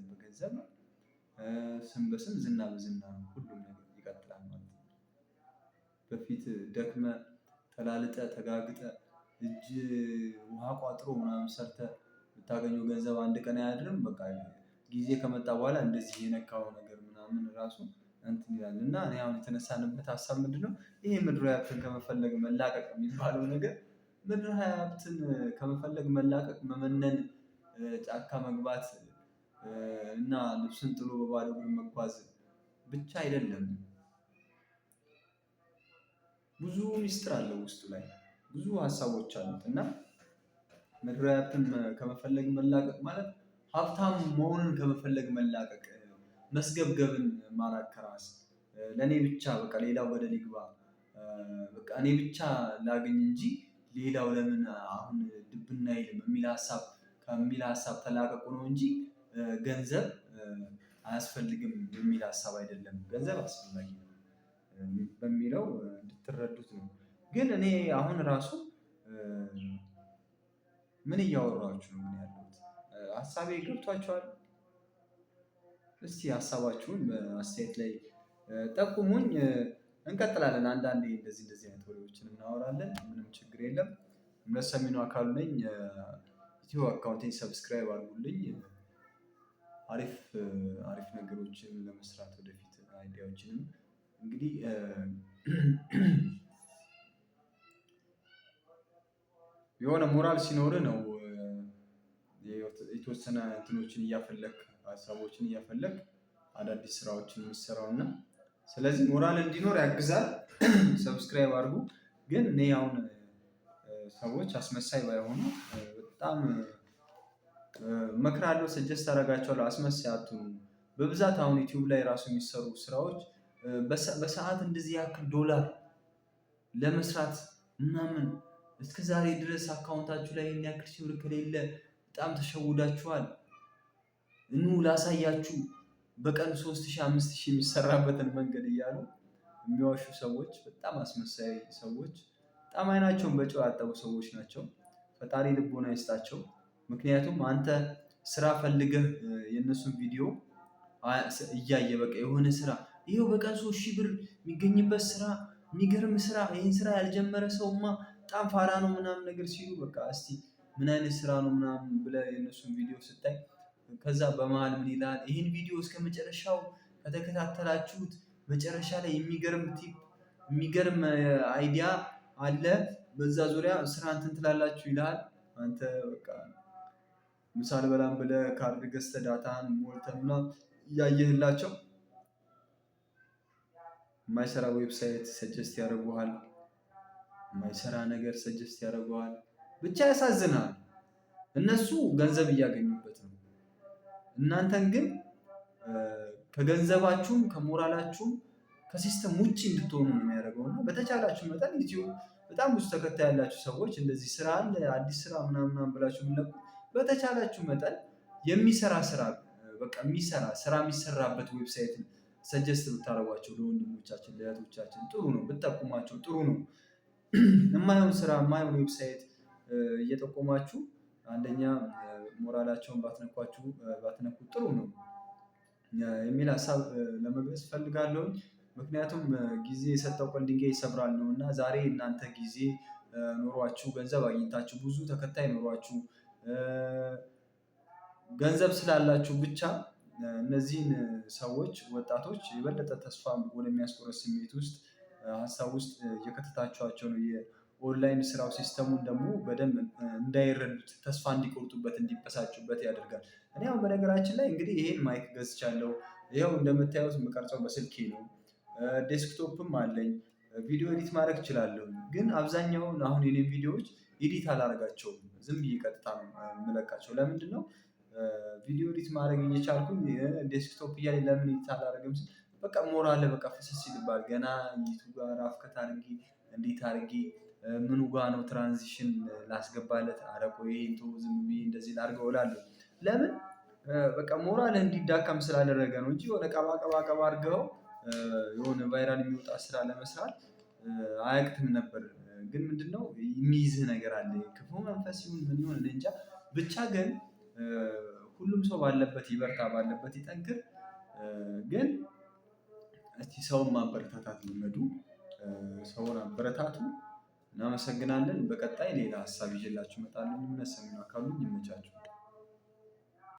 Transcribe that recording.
ገንዘብ በገንዘብ ነው፣ ስም በስም ዝና በዝና ነው። ሁሉም ነገር ይቀጥላል ማለት ነው። በፊት ደክመ ተላልጠ ተጋግጠ እጅ ውሃ ቋጥሮ ምናምን ሰርተ የምታገኘው ገንዘብ አንድ ቀን አያድርም። በቃ ጊዜ ከመጣ በኋላ እንደዚህ የነካው ነገር ምናምን ራሱ እንትን ይላል እና እኔ አሁን የተነሳንበት ሀሳብ ምንድን ነው? ይሄ ምድራዊ ሀብትን ከመፈለግ መላቀቅ የሚባለው ነገር ምድራዊ ሀብትን ከመፈለግ መላቀቅ፣ መመነን፣ ጫካ መግባት እና ልብስን ጥሎ በባዶ እግር መጓዝ ብቻ አይደለም። ብዙ ሚስጥር አለው ውስጡ ላይ ብዙ ሀሳቦች አሉት እና መኖሪያ ከመፈለግ መላቀቅ ማለት ሀብታም መሆኑን ከመፈለግ መላቀቅ፣ መስገብገብን ማራቅ ከራስ ለእኔ ብቻ በቃ ሌላው ገደል ይግባ፣ በቃ እኔ ብቻ ላገኝ እንጂ ሌላው ለምን አሁን ድብና ይልም የሚል ሀሳብ ከሚል ሀሳብ ተላቀቁ ነው እንጂ ገንዘብ አያስፈልግም የሚል ሀሳብ አይደለም። ገንዘብ አስፈላጊ ነው በሚለው እንድትረዱት ነው። ግን እኔ አሁን ራሱ ምን እያወራችሁ ነው? ምን ሀሳቤ ገብቷቸዋል? እስቲ ሀሳባችሁን በአስተያየት ላይ ጠቁሙኝ። እንቀጥላለን። አንዳንዴ እንደዚህ እንደዚህ አይነት ወሬዎችን እናወራለን። ምንም ችግር የለም። እምነት አካሉ ነኝ። ዩቲዩብ አካውንቴን ሰብስክራይብ አድርጉልኝ። አሪፍ አሪፍ ነገሮችን ለመስራት ወደፊት አይዲያዎችንም እንግዲህ የሆነ ሞራል ሲኖር ነው የተወሰነ እንትኖችን እያፈለክ ሀሳቦችን እያፈለክ አዳዲስ ስራዎችን የምሰራው እና ስለዚህ ሞራል እንዲኖር ያግዛል። ሰብስክራይብ አድርጉ። ግን እኔ አሁን ሰዎች አስመሳይ ባይሆኑ በጣም መክራለሁ፣ ሰጀስት አደርጋቸዋለሁ። አስመሳይ አትሁኑ። በብዛት አሁን ዩቲዩብ ላይ ራሱ የሚሰሩ ስራዎች በሰዓት እንደዚህ ያክል ዶላር ለመስራት ምናምን እስከ ዛሬ ድረስ አካውንታችሁ ላይ ይህን ያክል ሺህ ከሌለ በጣም ተሸውዳችኋል። እኑ ላሳያችሁ በቀን ሶስት ሺህ አምስት ሺህ የሚሰራበትን መንገድ እያሉ የሚዋሹ ሰዎች፣ በጣም አስመሳይ ሰዎች፣ በጣም አይናቸውን በጨው ያጠቡ ሰዎች ናቸው። ፈጣሪ ልቦና ይስጣቸው። ምክንያቱም አንተ ስራ ፈልገህ የእነሱን ቪዲዮ እያየ በቃ የሆነ ስራ ይኸው በቀን ሶስት ሺህ ብር የሚገኝበት ስራ የሚገርም ስራ፣ ይህን ስራ ያልጀመረ ሰውማ በጣም ፋራ ነው ምናምን ነገር ሲሉ በቃ እስቲ ምን አይነት ስራ ነው ምናምን ብለህ የእነሱን ቪዲዮ ስታይ ከዛ በመሀል ምን ይላል፣ ይህን ቪዲዮ እስከ መጨረሻው ከተከታተላችሁት መጨረሻ ላይ የሚገርም ቲፕ የሚገርም አይዲያ አለ፣ በዛ ዙሪያ ስራ እንትን ትላላችሁ ይልሃል። አንተ በቃ ምሳሌ በላም ብለ ካርድ ገዝተ ዳታን ሞልተህ ምናምን እያየህላቸው የማይሰራ ዌብሳይት ሰጀስት ያደርጉሃል። የማይሰራ ነገር ሰጀስት ያደርገዋል። ብቻ ያሳዝናል። እነሱ ገንዘብ እያገኙበት ነው። እናንተን ግን ከገንዘባችሁም ከሞራላችሁም ከሲስተም ውጭ እንድትሆኑ ነው የሚያደርገው እና በተቻላችሁ መጠን ዩቲዩብ በጣም ብዙ ተከታይ ያላችሁ ሰዎች እንደዚህ ስራ አለ አዲስ ስራ ምናምናም ብላችሁ የምለቁ በተቻላችሁ መጠን የሚሰራ ስራ በቃ የሚሰራ ስራ የሚሰራበት ዌብሳይትን ሰጀስት ብታደረጓቸው ለወንድሞቻችን ለእህቶቻችን ጥሩ ነው፣ ብጠቁማቸው ጥሩ ነው። የማይሆን ስራ የማይሆን ዌብሳይት እየጠቆማችሁ አንደኛ ሞራላቸውን ባትነኳችሁ ባትነኩ ጥሩ ነው የሚል ሀሳብ ለመግለጽ ፈልጋለሁ። ምክንያቱም ጊዜ የሰጠው ቀን ድንጋይ ይሰብራል ነው እና ዛሬ እናንተ ጊዜ ኖሯችሁ ገንዘብ አግኝታችሁ ብዙ ተከታይ ኖሯችሁ ገንዘብ ስላላችሁ ብቻ እነዚህን ሰዎች ወጣቶች የበለጠ ተስፋ ወደሚያስቆረጥ ስሜት ውስጥ ሀሳብ ውስጥ እየከተታችኋቸው ነው። የኦንላይን ስራው ሲስተሙን ደግሞ በደንብ እንዳይረዱት ተስፋ እንዲቆርጡበት እንዲበሳጩበት ያደርጋል። እኔ አሁን በነገራችን ላይ እንግዲህ ይሄን ማይክ ገዝቻለሁ። ይኸው እንደምታዩት የምቀርጸው በስልኬ ነው። ዴስክቶፕም አለኝ ቪዲዮ ኤዲት ማድረግ እችላለሁ። ግን አብዛኛውን አሁን የኔ ቪዲዮዎች ኤዲት አላረጋቸው ዝም ብዬ ቀጥታ የምለቃቸው ለምንድን ነው ቪዲዮ ኤዲት ማድረግ እየቻልኩኝ ዴስክቶፕ እያለ ለምን ኤዲት አላደርግም ስል በቃ ሞራል በቃ ፍስስ ይልባል። ገና ቱ ጋር አፍከት አድርጌ እንዴት አድርጌ ምኑ ጋ ነው ትራንዚሽን ላስገባለት አረቆ ይሄንቶ ዝም ብዬ እንደዚህ ላድርገው እላለሁ። ለምን በቃ ሞራል እንዲዳከም ስላደረገ ነው እንጂ የሆነ ቀባ ቀባ ቀባ አድርገው የሆነ ቫይራል የሚወጣ ስራ ለመስራት አያቅትም ነበር። ግን ምንድነው የሚይዝህ ነገር አለ። ክፉ መንፈስ ይሁን ምን ይሁን እንጃ፣ ብቻ ግን ሁሉም ሰው ባለበት ይበርታ፣ ባለበት ይጠንክር። ግን እስቲ ሰውን ማበረታታት ልመዱ፣ ሰውን አበረታቱ። እናመሰግናለን። በቀጣይ ሌላ ሀሳብ ይዤላችሁ እመጣለሁ። የሚመሰግኑ አካሉ ይመቻችሁ።